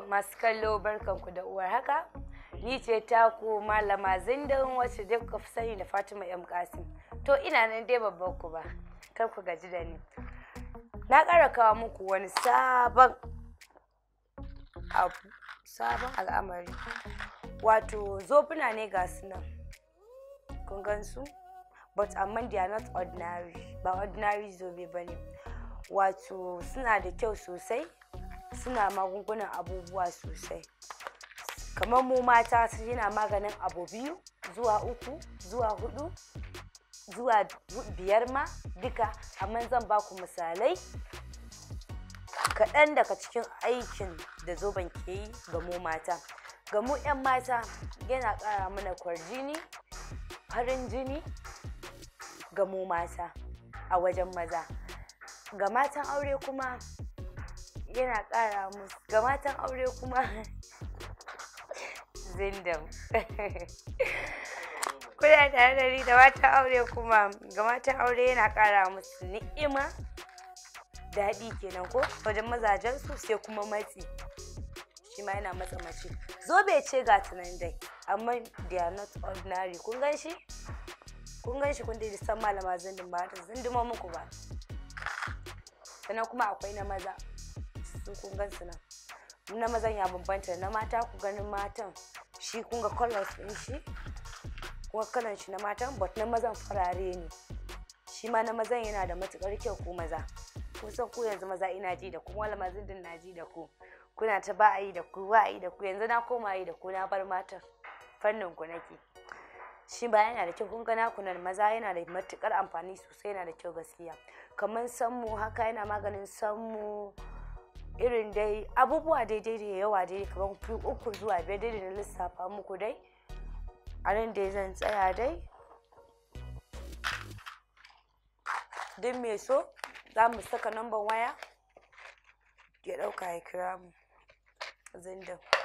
masu kallo barkanku da uwar haka, ni ce ta taku malama zindan wacce dai kuka fi sani da Fatima yam Kasim. To ina nan dai babban ku ba, kar ku gaji da ni. Na kara kawo muku wani sabon abu, sabon al'amari. Wato zofuna ne ga su nan, kun gansu? But amma they are not ordinary, ba ordinary zobe ba ne. Wato suna da kyau sosai, suna magungunan abubuwa sosai kamar mu mata su yana maganin abu biyu zuwa uku zuwa hudu zuwa biyar ma duka amma zan ba ku misalai kaɗan daga cikin aikin da zoben ke yi ga mu mata ga mu 'yan mata yana ƙara mana kwarjini farin jini ga mu mata a wajen maza ga matan aure kuma yana ƙara musu ga matan aure kuma zindam kuna tare da ni da matan aure kuma ga matan aure yana ƙara musu ni'ima daɗi kenan ko wajen mazajen su sai kuma matsi shi ma yana matsa mace zobe ce ga tunan dai amma they are not ordinary kun gan shi kun gan shi kun dai san malama zindin ba ta zindin muku ba sannan kuma akwai na maza su kun gan su nan na mazan ya bambanta na mata ku ganin matan shi kun ga colors din shi kuma kalan shi na matan but na mazan farare ne shi ma na mazan yana da matukar kyau ku maza kun san ku yanzu maza ina ji da ku wala mazidin na ji da ku kuna ta ba yi da ku ba yi da ku yanzu na koma yi da ku na bar matan fannin ku nake shi ba yana da kyau kun ga nan maza yana da matukar amfani sosai yana da kyau gaskiya kamar sammu haka yana maganin sammu irin dai abubuwa daidai da yawa dai kamar uku zuwa biyar dai da na lissafa muku dai a nan dai zan tsaya dai don mai so za mu saka namban waya ya ɗauka ya kira mu zindin